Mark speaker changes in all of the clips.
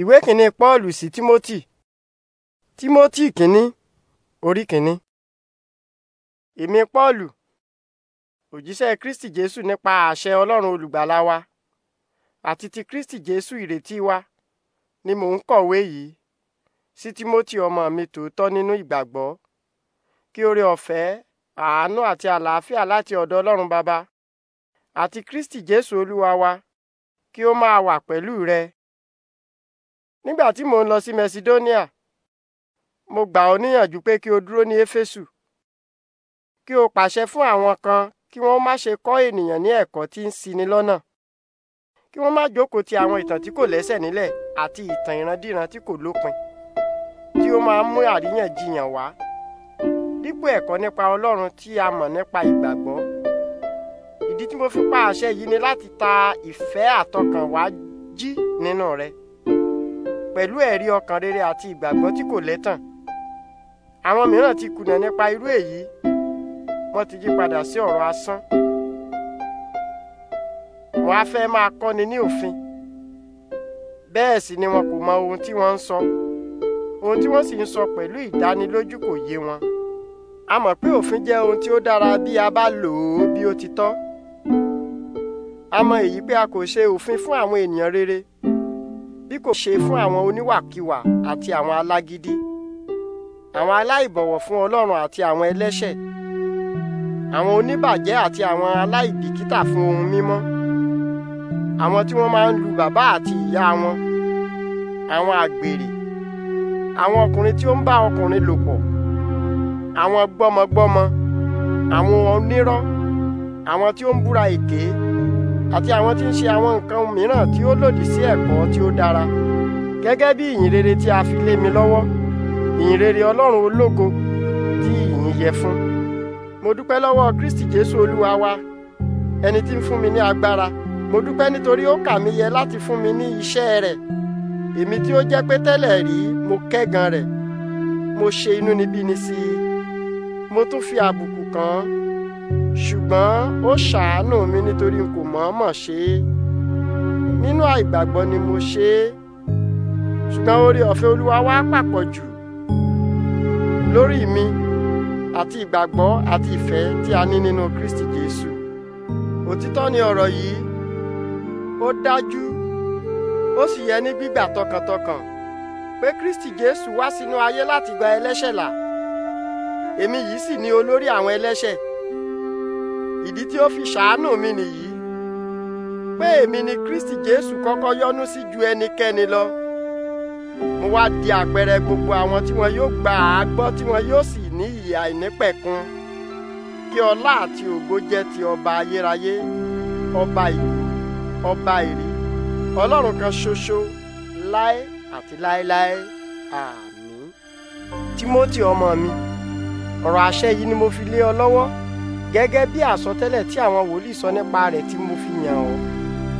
Speaker 1: Ìwé kìíní Pọ́ọ̀lù sí Tímótì. Tímótì kìíní orí kìíní. Èmi Pọ́ọ̀lù, òjíṣẹ́ Kristi Jésù nípa àṣẹ Ọlọ́run olùgbàlà wa àti ti Kristi Jésù ìrètí wa ni mò ń kọ̀wé yìí sí Tímótì ọmọ mi tòótọ́ nínú ìgbàgbọ́ kí oore ọ̀fẹ́, àánú àti àlàáfíà láti ọ̀dọ̀ Ọlọ́run Baba àti Kristi Jésù Olúwa wa kí ó máa wà pẹ̀lú rẹ nígbà tí mò ń lọ sí Macedonia mo gbà ọ níyànjú pé kí o dúró ní Éfésù kí o pàṣẹ fún àwọn kan kí wọ́n má ṣe kọ́ ènìyàn ní ẹ̀kọ́ tí ń ṣini lọ́nà kí wọ́n má jókòó ti àwọn ìtàn tí kò lẹ́sẹ̀ nílẹ̀ àti ìtàn ìrandíran tí kò lópin tí ó máa ń mú àríyànjiyàn wá dípò ẹ̀kọ́ nípa Ọlọ́run tí a mọ̀ nípa ìgbàgbọ́ ìdí tí mo fi pa àṣẹ yìí ni láti ta ìfẹ́ àtọkànwá jí nínú rẹ pẹ̀lú ẹ̀rí ọkàn rere àti ìgbàgbọ́ tí kò lẹ́tàn àwọn mìíràn ti kùnà nípa irú èyí wọ́n ti yí padà sí ọ̀rọ̀ asán wọ́n á fẹ́ máa kọ́ni ní òfin bẹ́ẹ̀ sì ni wọn kò mọ ohun tí wọ́n ń sọ ohun tí wọ́n sì ń sọ pẹ̀lú ìdánilójú kò yé wọn a mọ̀ pé òfin jẹ́ ohun tí ó dára bí a bá lò ó bí ó ti tọ́ a mọ èyí pé a kò ṣe òfin fún àwọn ènìyàn rere bí kò ṣe fún àwọn oníwàkiwà àti àwọn alágídí àwọn aláìbọ̀wọ̀ fún Ọlọ́run àti àwọn ẹlẹ́ṣẹ̀ àwọn oníbàjẹ́ àti àwọn aláìbìkítà fún ohun mímọ́ àwọn tí wọ́n máa ń lu bàbá àti ìyá wọn àwọn àgbèrè àwọn ọkùnrin tí ó ń bá ọkùnrin lò pọ̀ àwọn gbọ́mọgbọ́mọ àwọn onírọ́ àwọn tí ó ń búra èké àti àwọn tí ń ṣe àwọn nǹkan mìíràn tí ó lòdì sí ẹ̀kọ́ tí ó dára gẹ́gẹ́ bí ìyìn rere tí a fi lé mi lọ́wọ́ ìyìn rere Ọlọ́run ológo tí ìyìn yẹ fún mo dúpẹ́ lọ́wọ́ Kristi Jésù Olúwa wa ẹni tí ń fún mi ní agbára mo dúpẹ́ nítorí ó kà mí yẹ láti fún mi ní iṣẹ́ rẹ̀ èmi tí ó jẹ́ pé tẹ́lẹ̀ rí mo kẹ́gàn rẹ̀ mo ṣe inúnibíni sí i mo tún fi àbùkù kàn án ṣùgbọ́n ó ṣàánú mi nítorí n kò mọ̀ọ́mọ̀ ṣe é nínú àìgbàgbọ́ ni mo ṣe é ṣùgbọ́n oore ọ̀fẹ́ olúwa wá pàpọ̀ jù lórí mi àti ìgbàgbọ́ àti ìfẹ́ tí a ní nínú Kristi Jésù òtítọ́ ni ọ̀rọ̀ yìí ó dájú ó sì yẹ ní gbígbà tọkàntọkàn pé Kristi Jésù wá sínú ayé láti gba ẹlẹ́ṣẹ̀ là èmi yìí sì ni olórí àwọn ẹlẹ́ṣẹ̀ ìdí tí ó fi ṣàánú mi nìyí pé èmi ni Kristi Jésù kọ́kọ́ yọ́nú sí ju ẹnikẹ́ni lọ mo wá di àpẹẹrẹ gbogbo àwọn tí wọn yóò gbà á gbọ́ tí wọn yóò sì ní ìyè àìnípẹ̀kun kí ọlá àti ògo jẹ́ ti ọba ayérayé ọba ìlú ọba ìrí ọlọ́run kan ṣoṣo láé àti láéláé àmín Tímótì ọmọ mi ọ̀rọ̀ àṣẹ yìí ni mo fi lé ọ lọ́wọ́ gẹ́gẹ́ bí àsọtẹ́lẹ̀ tí àwọn wòlíì sọ nípa rẹ̀ tí mo fi yàn ọ́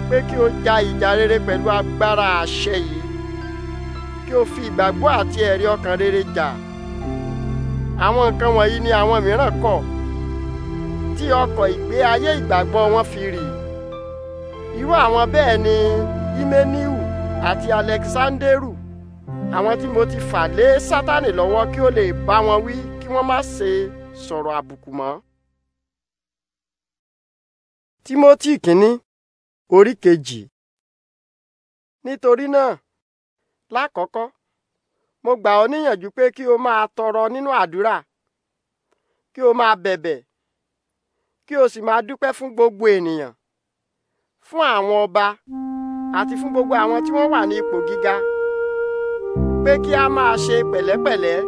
Speaker 1: pé kí o ja ìjà rere pẹ̀lú agbára àṣẹ yìí kí o fi ìgbàgbọ́ àti ẹ̀rí ọkàn rere jà àwọn nǹkan wọ̀nyí ni àwọn mìíràn kọ̀ tí ọkọ̀ ìgbé ayé ìgbàgbọ́ wọn fi rì irú àwọn bẹ́ẹ̀ ni Híméníù àti Alẹ́kisándérù àwọn tí mo ti fà lé Sátánì lọ́wọ́ kí ó lè bá wọn wí kí wọ́n má ṣe sọ̀rọ̀ àbùkù mọ́. Tímótì kínní orí kejì. Nítorí náà, lákọ̀ọ́kọ́, mo gbà ọ́ níyànjú pé kí o máa tọrọ nínú àdúrà, kí o máa bẹ̀bẹ̀, kí o sì máa dúpẹ́ fún gbogbo ènìyàn, fún àwọn ọba àti fún gbogbo àwọn tí wọ́n wà ní ipò gíga, pé kí a máa ṣe pẹ̀lẹ́pẹ̀lẹ́,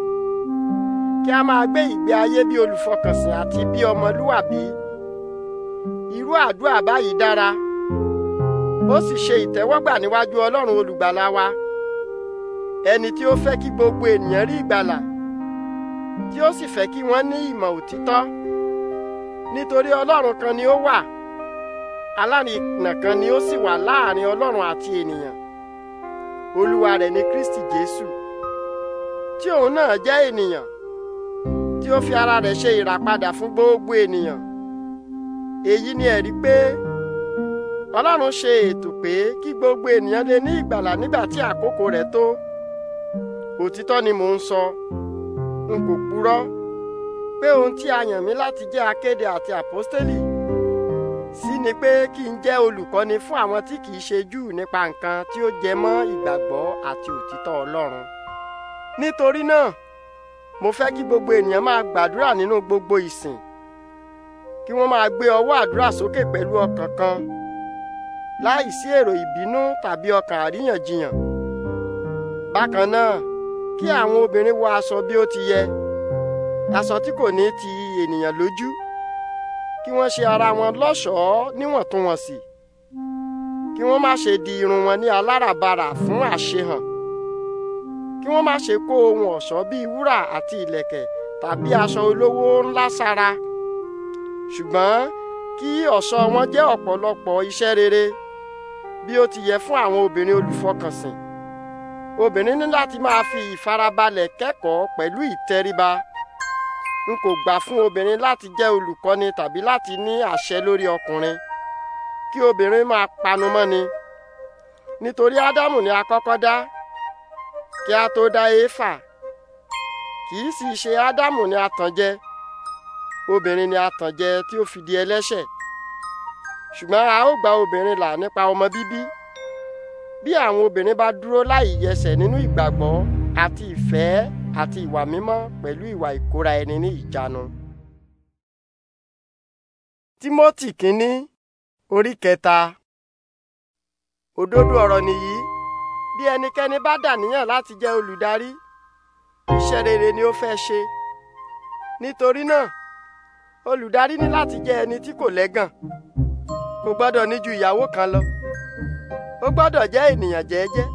Speaker 1: kí a máa gbé ìgbé ayé bí olùfọkànsìn àti bí ọmọlúwàbí. irú àdúrà báyìí dára ó sì ṣe ìtẹ́wọ́gbà níwájú Ọlọ́run olùgbàlà wa ẹni tí ó fẹ́ kí gbogbo ènìyàn rí ìgbàlà tí ó sì fẹ́ kí wọ́n ní ìmọ̀ òtítọ́ nítorí Ọlọ́run kan ni ó wà alárìnà kan ni ó sì wà láàrin Ọlọ́run àti ènìyàn olúwa rẹ̀ ni Kristi Jésù tí òun náà jẹ́ ènìyàn tí ó fi ara rẹ̀ ṣe ìràpadà fún gbogbo ènìyàn. èyí ni ẹ̀rí pé ọlọ́run ṣe ètò pé kí gbogbo ènìyàn lè ní ìgbàlà nígbà tí àkókò rẹ̀ tó òtítọ́ ni mò ń sọ n kò purọ́ pé ohun tí a yàn mí láti jẹ́ akéde àti àpọ́stélì sí ni pé kí n jẹ́ olùkọ́ni fún àwọn tí kìí ṣe Júù nípa nǹkan tí ó jẹ mọ́ ìgbàgbọ́ àti òtítọ́ ọlọ́run nítorí náà mo fẹ́ kí gbogbo ènìyàn máa gbàdúrà nínú gbogbo ìsìn kí wọ́n máa gbé ọwọ́ àdúrà sókè pẹ̀lú ọkàn kan láì sí èrò ìbínú tàbí ọkàn àríyànjiyàn bákan náà kí àwọn obìnrin wọ aṣọ bí ó ti yẹ aṣọ tí kò ní ti ènìyàn lójú kí wọ́n ṣe ara wọn lọ́ṣọ̀ọ́ níwọ̀ntúnwọ̀nsì kí wọ́n má ṣe di irun wọn ní aláràbarà fún àṣehàn kí wọ́n má ṣe kó ohun ọ̀ṣọ́ bíi wúrà àti ìlẹ̀kẹ̀ tàbí aṣọ olówó ńlá sára ṣùgbọ́n kí ọ̀ṣọ́ wọn jẹ́ ọ̀pọ̀lọpọ̀ iṣẹ́ rere bí ó ti yẹ fún àwọn obìnrin olùfọkànsìn obìnrin ní láti máa fi ìfarabalẹ̀ kẹ́kọ̀ọ́ pẹ̀lú ìtẹríba n kò gbà fún obìnrin láti jẹ́ olùkọ́ni tàbí láti ní àṣẹ lórí ọkùnrin kí obìnrin máa panu mọ́ni nítorí ádámù ni a dá kí a tó dá éfà kì í sì ṣe ádámù ni a tàn jẹ obìnrin ni àtànjẹ tí ó fi di ẹlẹ́ṣẹ̀ ṣùgbọ́n a ó gba obìnrin là nípa ọmọ bíbí bí àwọn obìnrin bá dúró láì yẹsẹ̀ nínú ìgbàgbọ́ àti ìfẹ́ àti ìwà mímọ́ pẹ̀lú ìwà ìkóra ẹni ní ìjánu. Tímótì kínní orí kẹta òdodo ọ̀rọ̀ nìyí bí ẹnikẹ́ni bá dàníyàn láti jẹ́ olùdarí iṣẹ́ rere ni ó fẹ́ ṣe nítorí náà olùdarí ní láti jẹ́ ẹni tí kò lẹ́gàn kò gbọ́dọ̀ ní ju ìyàwó kan lọ ó gbọ́dọ̀ jẹ́ ènìyàn jẹ́ẹ́jẹ́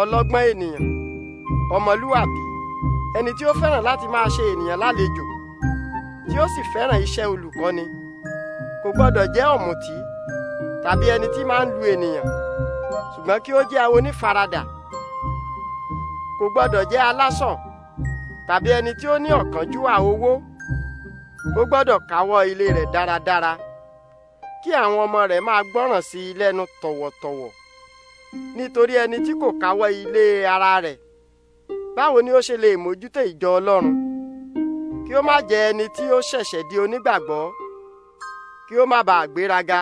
Speaker 1: ọlọ́gbọ́n ènìyàn ọmọlúwàbí ẹni tí ó fẹ́ràn láti máa ṣe ènìyàn lálejò tí ó sì fẹ́ràn iṣẹ́ olùkọ́ni kò gbọ́dọ̀ jẹ́ ọ̀mùtí tàbí ẹni tí máa ń lu ènìyàn ṣùgbọ́n kí ó jẹ́ onífaradà kò gbọ́dọ̀ jẹ́ alásàn tàbí ẹni tí ó ní ọ̀kánjúwà owó ó gbọ́dọ̀ káwọ́ ilé rẹ̀ dáradára kí àwọn ọmọ rẹ̀ máa gbọ́ràn sí i lẹ́nu tọ̀wọ̀tọ̀wọ̀ nítorí ẹni tí kò káwọ́ ilé ara rẹ̀ báwo ni ó ṣe lè mójútó ìjọ Ọlọ́run kí ó má jẹ ẹni tí ó ṣẹ̀ṣẹ̀ di onígbàgbọ́ kí ó má bàa gbéraga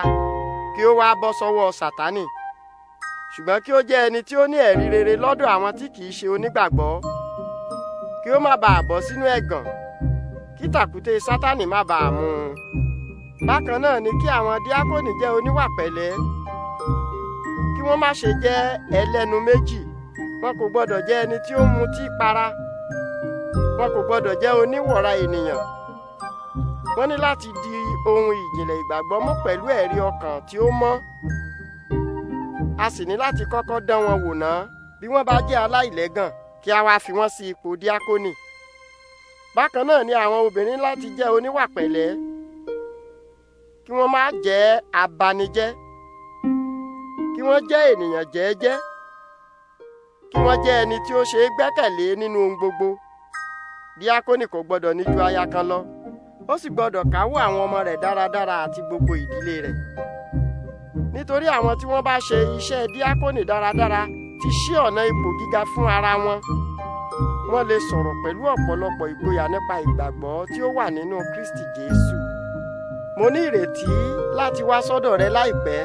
Speaker 1: kí ó wá bọ́ sọ́wọ́ Sátánì ṣùgbọ́n kí ó jẹ́ ẹni tí ó ní ẹ̀rí rere lọ́dọ̀ àwọn tí kìí ṣe onígbàgbọ́ kí ó má bàa bọ́ sínú ẹ̀gàn kí tàkúté sátánì má bàa mú un bákan náà ni kí àwọn díákònì jẹ́ oníwà pẹ̀lẹ́ kí wọ́n má ṣe jẹ́ ẹlẹ́nu méjì wọn kò gbọ́dọ̀ jẹ́ ẹni tí ó mutí para wọn kò gbọ́dọ̀ jẹ́ oníwọ̀ra ènìyàn wọ́n ní láti di ohun ìjìnlẹ̀ ìgbàgbọ́ mú pẹ̀lú ẹ̀rí ọkàn tí ó mọ́ a sì ní láti kọ́kọ́ dán wọn wò ná bí wọ́n bá jẹ́ aláìlẹ́gàn kí a wá fi wọ́n sí ipò díákónì bákan náà ni àwọn obìnrin láti jẹ́ oníwà pẹ̀lẹ́ kí wọ́n má jẹ́ abanijẹ́ kí wọ́n jẹ́ ènìyàn jẹ́ẹ́jẹ́ kí wọ́n jẹ́ ẹni tí ó ṣe é gbẹ́kẹ̀lé nínú ohun gbogbo díákónì kò gbọ́dọ̀ ní ju aya kan lọ ó sì gbọ́dọ̀ káwọ́ àwọn ọmọ rẹ̀ dáradára àti gbogbo ìdílé rẹ̀ nítorí àwọn tí wọ́n bá ṣe iṣẹ́ díákónì dáradára ti ṣí ọ̀nà ipò gíga fún ara wọn wọ́n lè sọ̀rọ̀ pẹ̀lú ọ̀pọ̀lọpọ̀ ìgboyà nípa ìgbàgbọ́ tí ó wà nínú Kristi Jésù. Mo ní ìrètí láti wá sọ́dọ̀ rẹ láìpẹ́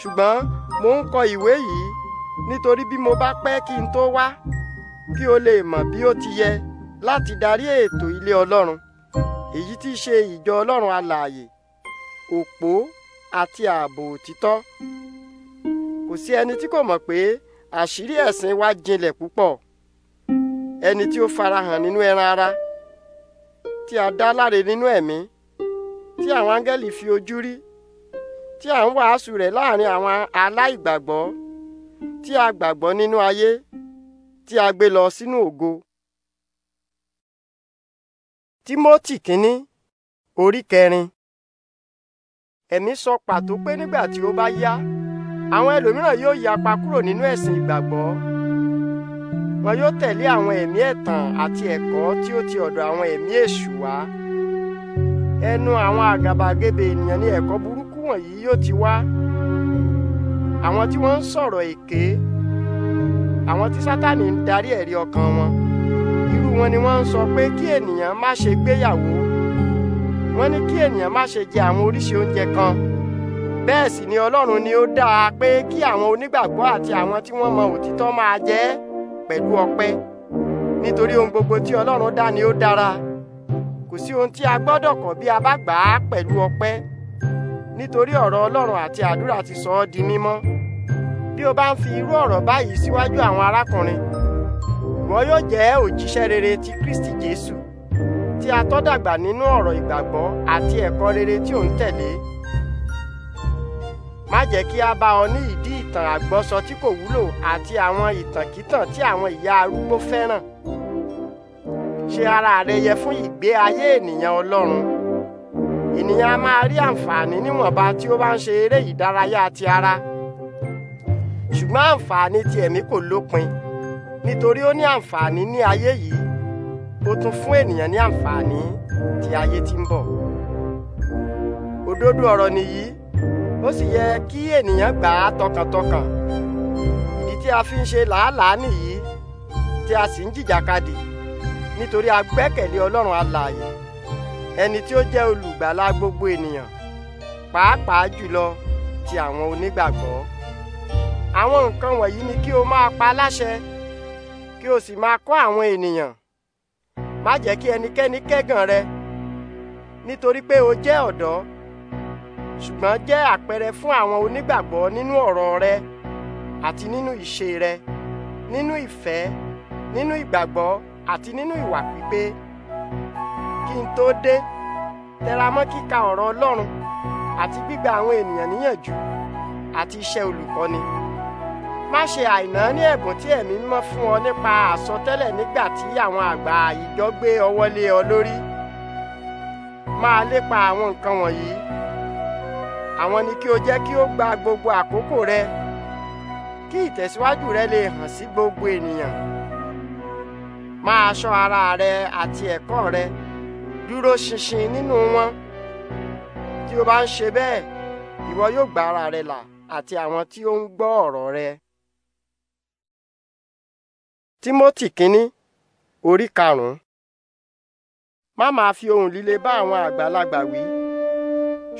Speaker 1: ṣùgbọ́n mo ń kọ ìwé yìí nítorí bí mo bá pẹ́ kí n tó wá kí o lè mọ̀ bí ó ti yẹ láti darí ètò ilé Ọlọ́run èyí tí ṣe ìjọ Ọlọ́run alààyè òpó àti ààbò òtítọ́ kò sí ẹni tí kò mọ̀ pé àṣírí ẹ̀sìn wa jinlẹ̀ púpọ̀ ẹni tí ó farahàn nínú ẹran ara tí a dá láre nínú ẹ̀mí tí àwọn áńgẹ́lì fi ojú rí tí à ń wàásù rẹ̀ láàrin àwọn aláìgbàgbọ́ tí a gbàgbọ́ nínú ayé tí a gbé lọ sínú ògo. Tímótì kínní orí kẹrin ẹ̀mí sọ pàtó pé nígbà tí ó bá yá àwọn ẹlòmíràn yóò yapa kúrò nínú ẹ̀sìn ìgbàgbọ́ wọn yóò tẹ̀lé àwọn ẹ̀mí ẹ̀tàn àti ẹ̀kọ́ tí ó ti ọ̀dọ̀ àwọn ẹ̀mí èṣù wá ẹnu àwọn àgàbàgebè ènìyàn ní ẹ̀kọ́ burúkú wọ̀nyí yóò ti wá àwọn tí wọ́n ń sọ̀rọ̀ èké àwọn tí sátani ń darí ẹ̀rí ọkàn wọn irú wọn ni wọ́n ń sọ pé kí ènìyàn má ṣe gbéyàwó wọ́n ní kí ènìyàn má ṣe jẹ àwọn oríṣi oúnjẹ kan bẹ́ẹ̀ sì ni Ọlọ́run ni ó dáa pé kí àwọn onígbàgbọ́ àti àwọn tí wọ́n mọ òtítọ́ máa jẹ ẹ́ pẹ̀lú ọpẹ́ nítorí ohun gbogbo tí Ọlọ́run dá ni ó dára kò sí ohun tí a gbọ́dọ̀ kọ̀ bí a bá gbà á pẹ̀lú ọpẹ́ nítorí ọ̀rọ̀ Ọlọ́run àti àdúrà ti sọ ọ́ di mímọ́ bí o bá ń fi irú ọ̀rọ̀ báyìí síwájú àwọn arákùnrin ìwọ yóò jẹ́ òjíṣẹ́ rere ti Kristi Jésù tí a tọ́ dàgbà nínú ọ̀rọ̀ ìgbàgbọ́ àti ẹ̀kọ́ rere tí ò ń tẹ̀lé má jẹ́ kí a bá ọ ní ìdí ìtàn àgbọ́sọ tí kò wúlò àti àwọn ìtànkítàn tí àwọn ìyá arúgbó fẹ́ràn ṣe ara rẹ yẹ fún ìgbé ayé ènìyàn ọlọ́run ènìyàn a máa rí àǹfààní níwọ̀nba tí ó bá ń ṣe eré ìdárayá ti ara ṣùgbọ́n àǹfààní ti ẹ̀mí kò lópin nítorí ó ní àǹfààní ní ayé yìí ó tún fún ènìyàn ní àǹfààní ti ayé tí ń bọ̀ òdodo ọ̀rọ̀ nìyí ó sì yẹ kí ènìyàn gbà á tọkàntọkàn ìdí tí a fi ń ṣe làálàá nìyí tí a sì ń jìjàkadì nítorí a gbẹ́kẹ̀lé ọlọ́run alààyè ẹni tí ó jẹ́ olùgbàlà gbogbo ènìyàn pàápàá jùlọ ti àwọn onígbàgbọ́ àwọn nǹkan wọ̀nyí ni kí o máa pa láṣẹ kí o sì máa kọ́ àwọn ènìyàn má jẹ́ kí ẹnikẹ́ni kẹ́gàn rẹ nítorí pé o jẹ́ ọ̀dọ́ ṣùgbọ́n jẹ́ àpẹẹrẹ fún àwọn onígbàgbọ́ nínú ọ̀rọ̀ rẹ àti nínú ìṣe rẹ nínú ìfẹ́ nínú ìgbàgbọ́ àti nínú ìwà pípé kí n tó dé tẹramọ́ kíka ọ̀rọ̀ Ọlọ́run àti gbígba àwọn ènìyàn níyànjú àti iṣẹ́ olùkọ́ni má ṣe àìnáání ẹ̀bùn tí ẹ̀mí mọ́ fún ọ nípa àsọtẹ́lẹ̀ nígbà tí àwọn àgbà ìjọ gbé ọwọ́ lé ọ lórí máa lépa àwọn nǹkan wọ̀nyí àwọn ni kí o jẹ́ kí ó gba gbogbo àkókò rẹ kí ìtẹ̀síwájú rẹ lè hàn sí gbogbo ènìyàn máa ṣọ́ ara rẹ àti ẹ̀kọ́ rẹ dúró ṣinṣin nínú wọn tí o bá ń ṣe bẹ́ẹ̀ ìwọ yóò gba ara rẹ là àti àwọn tí ó ń gbọ́ ọ̀rọ̀ rẹ. Tímótì kínní orí karùn-ún má máa fi ohùn líle bá àwọn àgbàlagbà wí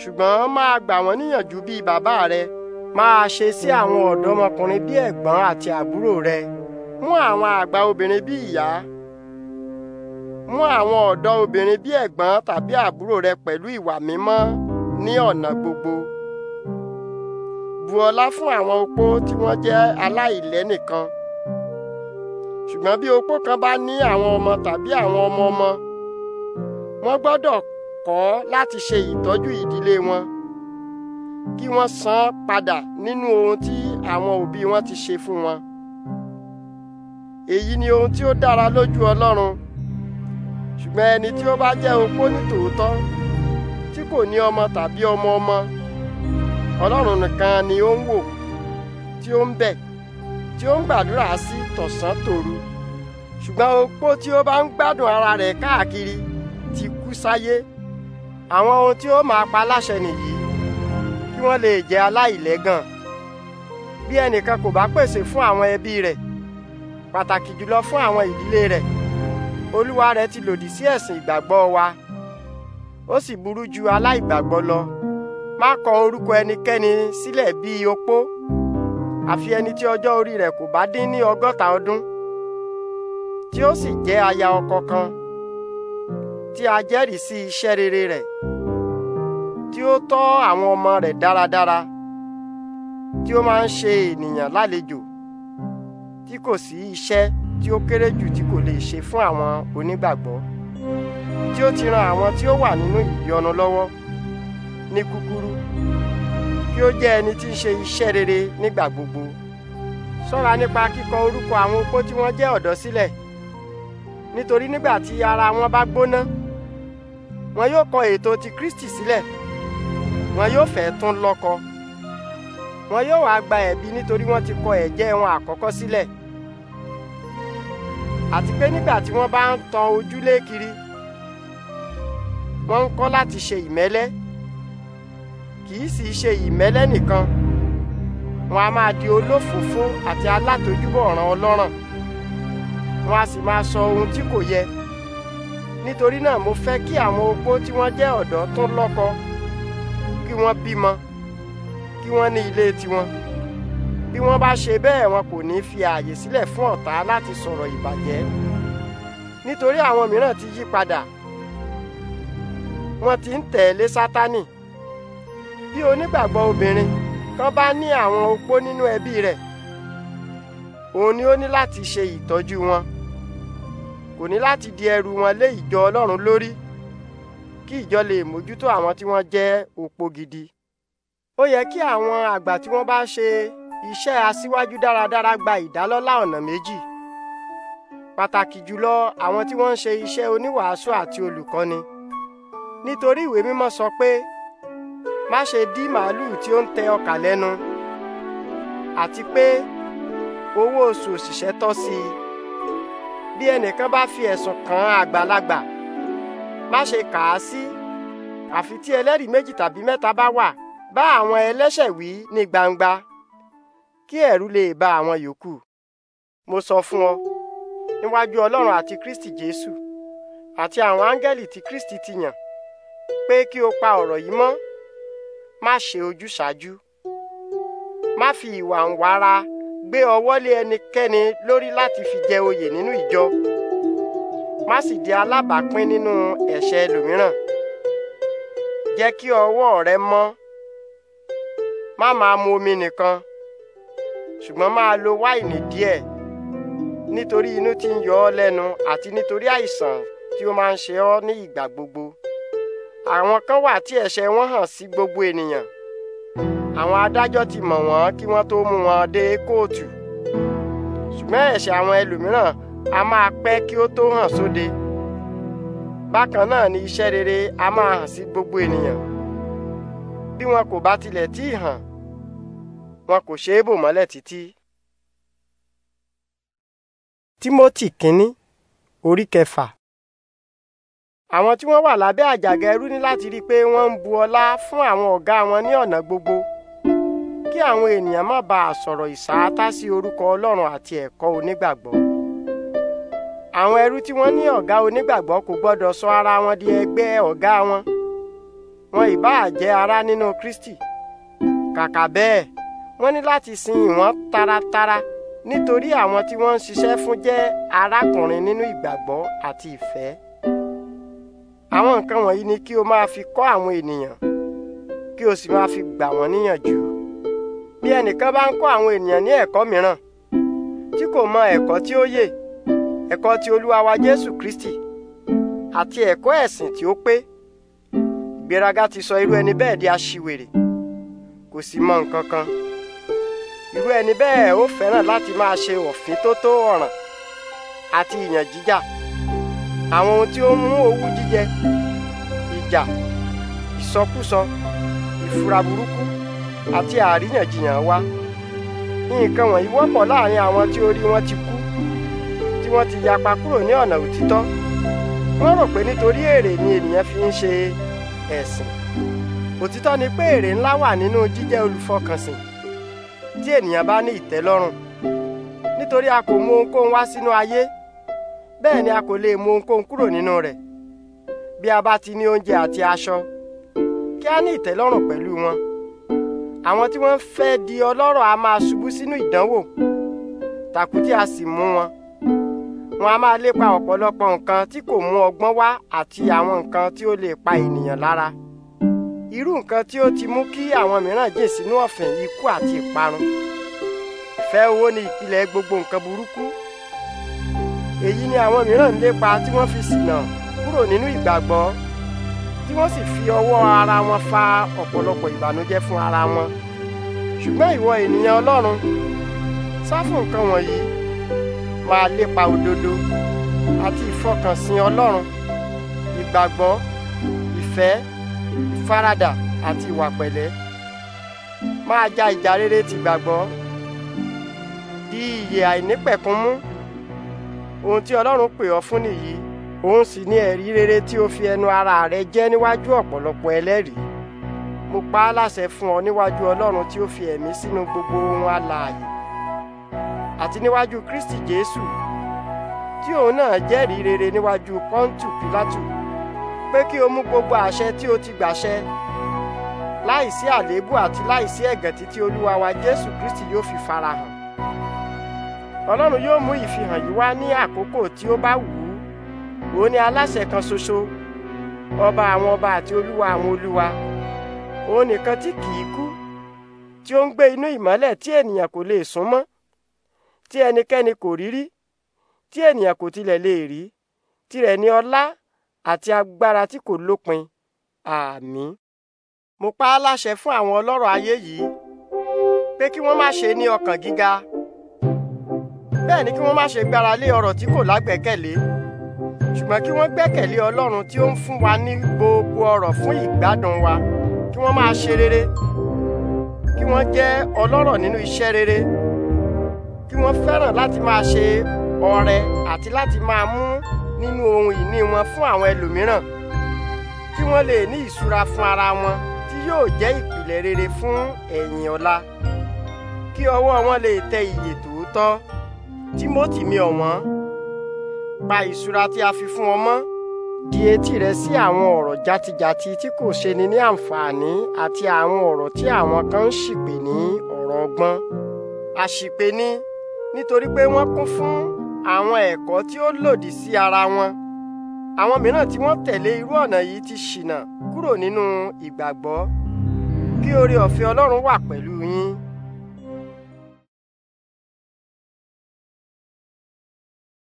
Speaker 1: ṣùgbọ́n máa gbà wọ́n níyànjú bíi bàbá rẹ máa ṣe sí àwọn ọ̀dọ́mọkùnrin bíi ẹ̀gbọ́n àti àbúrò rẹ mú àwọn àgbà obìnrin bíi ìyá mú àwọn ọ̀dọ́ obìnrin bíi ẹ̀gbọ́n tàbí àbúrò rẹ pẹ̀lú ìwà mímọ́ ní ọ̀nà gbogbo bu ọlá fún àwọn opó tí wọ́n jẹ́ aláìlẹ́nìkan ṣùgbọ́n bí opó kan bá ní àwọn ọmọ tàbí àwọn ọmọ ọmọ wọ́n gbọ́dọ̀ kọ́ láti ṣe ìtọ́jú ìdílé wọn kí wọ́n san padà nínú ohun tí àwọn òbí wọn ti ṣe fún wọn. èyí ni ohun tí ó dára lójú Ọlọ́run ṣùgbọ́n ẹni tí ó bá jẹ́ opó nítòótọ́ tí kò ní ọmọ tàbí ọmọ ọmọ Ọlọ́run nìkan ni ó ń wò tí ó ń bẹ̀ tí ó ń gbàdúrà sí tọ̀sán tòru ṣùgbọ́n opó tí ó bá ń gbádùn ara rẹ̀ káàkiri ti kú sáyé àwọn ohun tí ó máa pa láṣẹ nìyí kí wọ́n lè jẹ́ aláìlẹ́gàn bí ẹnìkan kò bá pèsè fún àwọn ẹbí rẹ̀ pàtàkì jùlọ fún àwọn ìdílé rẹ̀ olúwa rẹ̀ ti lòdì sí ẹ̀sìn ìgbàgbọ́ wa ó sì burú ju aláìgbàgbọ́ lọ má kọ orúkọ ẹnikẹ́ni sílẹ̀ bíi opó àfi ẹni tí ọjọ́ orí rẹ̀ kò bá dín ní ọgọ́ta ọdún tí ó sì jẹ́ aya ọkọ kan tí a jẹ́rìí sí iṣẹ́ rere rẹ̀ tí ó tọ́ àwọn ọmọ rẹ̀ dáradára tí ó máa ń ṣe ènìyàn lálejò tí kò sí iṣẹ́ tí ó kéré jù tí kò lè ṣe fún àwọn onígbàgbọ́ tí ó ti ran àwọn tí ó wà nínú ìyọnu lọ́wọ́ ní kúkúrú kí ó jẹ́ ẹni tí ń ṣe iṣẹ́ rere nígbà gbogbo ṣọ́ra nípa kíkọ orúkọ àwọn opó tí wọ́n jẹ́ ọ̀dọ́ sílẹ̀ nítorí nígbà tí ara wọn bá gbóná wọn yóò kọ ètò ti Kristi sílẹ̀ wọn yóò fẹ́ tún lọ́kọ wọn yóò wá gba ẹ̀bi nítorí wọ́n ti kọ ẹ̀jẹ́ wọn àkọ́kọ́ sílẹ̀ àti pé nígbà tí wọ́n bá ń tan ojúlé kiri wọ́n ń kọ́ láti ṣe ìmẹ́lẹ́ kì í sì ṣe ìmẹ́lẹ́ nìkan wọn a máa di olófòófó àti alátojúbọ̀ ọ̀ràn ọlọ́ràn wọn a sì máa sọ ohun tí kò yẹ nítorí náà mo fẹ́ kí àwọn opó tí wọ́n jẹ́ ọ̀dọ́ tún lọ́kọ kí wọ́n bímọ kí wọ́n ní ilé tiwọn bí wọ́n bá ṣe bẹ́ẹ̀ wọn kò ní fi ààyè sílẹ̀ fún ọ̀tá láti sọ̀rọ̀ ìbàjẹ́ nítorí àwọn mìíràn ti yí padà wọ́n ti ń tẹ̀lé sátánì bí onígbàgbọ́ obìnrin kan bá ní àwọn opó nínú ẹbí rẹ̀ òun ni ó ní láti ṣe ìtọ́jú wọn kò ní láti di ẹrù wọn lé ìjọ Ọlọ́run lórí kí ìjọ lè mójútó àwọn tí wọ́n jẹ́ opó gidi. Ó yẹ kí àwọn àgbà tí wọ́n bá ṣe iṣẹ́ aṣíwájú dáradára gba ìdálọ́lá ọ̀nà méjì. Pàtàkì jùlọ àwọn tí wọ́n ń ṣe iṣẹ́ oníwàásù àti olùkọ́ni. Nítorí ìwé mímọ́ sọ pé má ṣe dí màálùú tí ó ń tẹ ọkà lẹ́nu àti pé owó oṣù òṣìṣẹ́ tọ́ sí i bí ẹnìkan bá fi ẹ̀sùn kan àgbàlagbà má ṣe kà á sí àfi tí ẹlẹ́rìí méjì tàbí mẹ́ta bá wà bá àwọn ẹlẹ́ṣẹ̀ wí ní gbangba kí ẹ̀rù lè bà àwọn yòókù mo sọ fún ọ níwájú ọlọ́run àti kristi jésù àti àwọn áńgẹ́lì tí kristi ti yàn pé kí o pa ọ̀rọ̀ yìí mọ́ má ṣe ojúsàájú má fi ìwà ń wára gbé ọwọ́ lé ẹnikẹ́ni lórí láti fi jẹ oyè nínú ìjọ má sì di alábàápín nínú ẹ̀ṣẹ̀ ẹlòmíràn jẹ́ kí ọwọ́ rẹ mọ́ má máa mu omi nìkan ṣùgbọ́n máa lo wáìnì díẹ̀ nítorí inú tí ń yọ ọ́ lẹ́nu àti nítorí àìsàn tí ó máa ń ṣe ọ́ ní ìgbà gbogbo àwọn kan wà tí ẹ̀ṣẹ̀ wọn hàn sí gbogbo ènìyàn àwọn adájọ́ ti mọ̀ wọ́n kí wọ́n tó mú wọn dé kóòtù ṣùgbọ́n ẹ̀ṣẹ̀ àwọn ẹlòmíràn a máa pẹ́ kí ó tó hàn sóde bákan náà ni iṣẹ́ rere a máa hàn sí gbogbo ènìyàn bí wọn kò bá tilẹ̀ tí ì hàn wọn kò ṣe é bò mọ́lẹ̀ títí. Tímótì kínní orí kẹfà àwọn tí wọ́n wà lábẹ́ àjàgà ẹrú ní láti rí i pé wọ́n ń bu ọlá fún àwọn ọ̀gá wọn ní ọ̀nà gbogbo kí àwọn ènìyàn má bàa sọ̀rọ̀ ìsáátá sí orúkọ Ọlọ́run àti ẹ̀kọ́ onígbàgbọ́. Àwọn ẹrú tí wọ́n ní ọ̀gá onígbàgbọ́ kò gbọ́dọ̀ sọ ara wọn di ẹgbẹ́ ọ̀gá wọn. Wọn ìbáà jẹ́ ará nínú Kristi. Kàkà bẹ́ẹ̀, wọ́n ní láti sin ìwọ̀n taratara nítorí àwọn tí wọ́n ń ṣiṣẹ́ fún jẹ́ arákùnrin nínú ìgbàgbọ́ àti ìfẹ́. Àwọn nǹkan wọ̀nyí ni kí o máa fi kọ́ àwọn ènìyàn kí o sì máa fi gbà wọ́n níyànjú bí ẹnìkan bá ń kọ́ àwọn ènìyàn ní ẹ̀kọ́ mìíràn tí kò mọ ẹ̀kọ́ tí ó yè ẹ̀kọ́ ti olúwa wa jésù kristi àti ẹ̀kọ́ ẹ̀sìn tí ó pé ìgbéraga ti sọ irú ẹni bẹ́ẹ̀ di aṣiwèrè kò sì mọ nǹkan kan irú ẹni bẹ́ẹ̀ ó fẹ́ràn láti máa ṣe òfin tó tó ọ̀ràn àti ìyàn jíjà àwọn ohun tí ó mú owú jíjẹ ìjà ìsọkúsọ ìfura burúkú àti àríyànjiyàn wá nǹkan wọ̀nyí wọ́pọ̀ láàrin àwọn tí orí wọn ti kú tí wọ́n ti yapa kúrò ní ọ̀nà òtítọ́ wọ́n rò pé nítorí èrè ni ènìyàn fi ń ṣe ẹ̀sìn òtítọ́ ni pé èrè ńlá wà nínú jíjẹ́ olùfọkànsìn tí ènìyàn bá ní ìtẹ́lọ́rùn nítorí a kò mú ohunkóhun wá sínú ayé bẹ́ẹ̀ ni a kò lè mú ohunkóhun kúrò nínú rẹ̀ bí a bá ti ní oúnjẹ àti aṣọ kí a ní ìtẹ́lọ́rùn pẹ̀lú wọn àwọn tí wọ́n ń fẹ́ di ọlọ́rọ̀ a máa ṣubú sínú ìdánwò tàkútí a sì mú wọn wọn a máa lépa ọ̀pọ̀lọpọ̀ nǹkan tí kò mú ọgbọ́n wá àti àwọn nǹkan tí ó lè pa ènìyàn lára irú nǹkan tí ó ti mú kí àwọn mìíràn jìn sínú ọ̀fìn ikú àti ìparun ìfẹ́ owó ni ìpìlẹ̀ gbogbo nǹkan burúkú èyí ni àwọn mìíràn ń lépa tí wọ́n fi ṣìnà kúrò nínú ìgbàgbọ́ tí wọ́n sì fi ọwọ́ ara wọn fa ọ̀pọ̀lọpọ̀ ìbànújẹ́ fún ara wọn ṣùgbọ́n ìwọ ènìyàn Ọlọ́run sá fún nǹkan wọ̀nyí máa lépa òdodo àti ìfọkànsìn Ọlọ́run ìgbàgbọ́ ìfẹ́ ìfaradà àti ìwà pẹ̀lẹ́ máa ja ìjà rere tìgbàgbọ́ di ìyè àìnípẹ̀kun mú ohun tí Ọlọ́run pè ọ́ fún nìyí òun sì ni ẹ̀rí rere tí o fi ẹnu ara rẹ jẹ́ níwájú ọ̀pọ̀lọpọ̀ ẹlẹ́rìí mo pa á láṣẹ fún ọ níwájú ọlọ́run tí ó fi ẹ̀mí sínú gbogbo ohun alààyè àti níwájú kristi jésù tí òun náà jẹ́rìí rere níwájú pọ́ńtù pílátù pé kí o mú gbogbo àṣẹ tí o ti gbàṣẹ láìsí àléébù àti láìsí ẹ̀gàn títí olúwa wa jésù kristi yóò fi farahàn ọlọ́run yóò mú ìfihàn yìí wá ní àkókò tí ó bá wù òun ni aláṣẹ kan ṣoṣo ọba àwọn ọba àti olúwa àwọn olúwa òun nìkan tí kìí kú tí ó ń gbé inú ìmọ́lẹ̀ tí ènìyàn kò lè sún mọ́ tí ẹnikẹ́ni kò rí rí tí ènìyàn kò tilẹ̀ lè rí tirẹ̀ ni ọlá àti agbára tí kò lópin àmín. mo pa á láṣẹ fún àwọn ọlọ́rọ̀ ayé yìí pé kí wọ́n má ṣe ní ọkàn gíga bẹ́ẹ̀ ni kí wọ́n má ṣe gbára lé ọrọ̀ tí kò lágbẹ́kẹ̀lé ṣùgbọ́n kí wọ́n gbẹ́kẹ̀lé Ọlọ́run tí ó ń fún wa ní gbogbo ọrọ̀ fún ìgbádùn wa kí wọ́n máa ṣe rere kí wọ́n jẹ́ ọlọ́rọ̀ nínú iṣẹ́ rere kí wọ́n fẹ́ràn láti máa ṣe ọrẹ àti láti máa mú nínú ohun ìní wọn fún àwọn ẹlòmíràn kí wọ́n lè ní ìṣúra fún ara wọn tí yóò jẹ́ ìpìlẹ̀ rere fún ẹ̀yìn ọ̀la kí ọwọ́ wọn lè tẹ ìyè tòótọ́ Tímótì mi ọ̀wọ́n pa ìṣúra tí a fi fún ọ mọ́ di etí rẹ sí àwọn ọ̀rọ̀ jatijati tí kò ṣeni ní àǹfààní àti àwọn ọ̀rọ̀ tí àwọn kan ń ṣìpè ní ọ̀rọ̀ ọgbọ́n àṣìpè ni nítorí pé wọ́n kún fún àwọn ẹ̀kọ́ tí ó lòdì sí ara wọn àwọn mìíràn tí wọ́n tẹ̀lé irú ọ̀nà yìí ti ṣìnà kúrò nínú ìgbàgbọ́ kí oore ọ̀fẹ́ Ọlọ́run wà pẹ̀lú yín.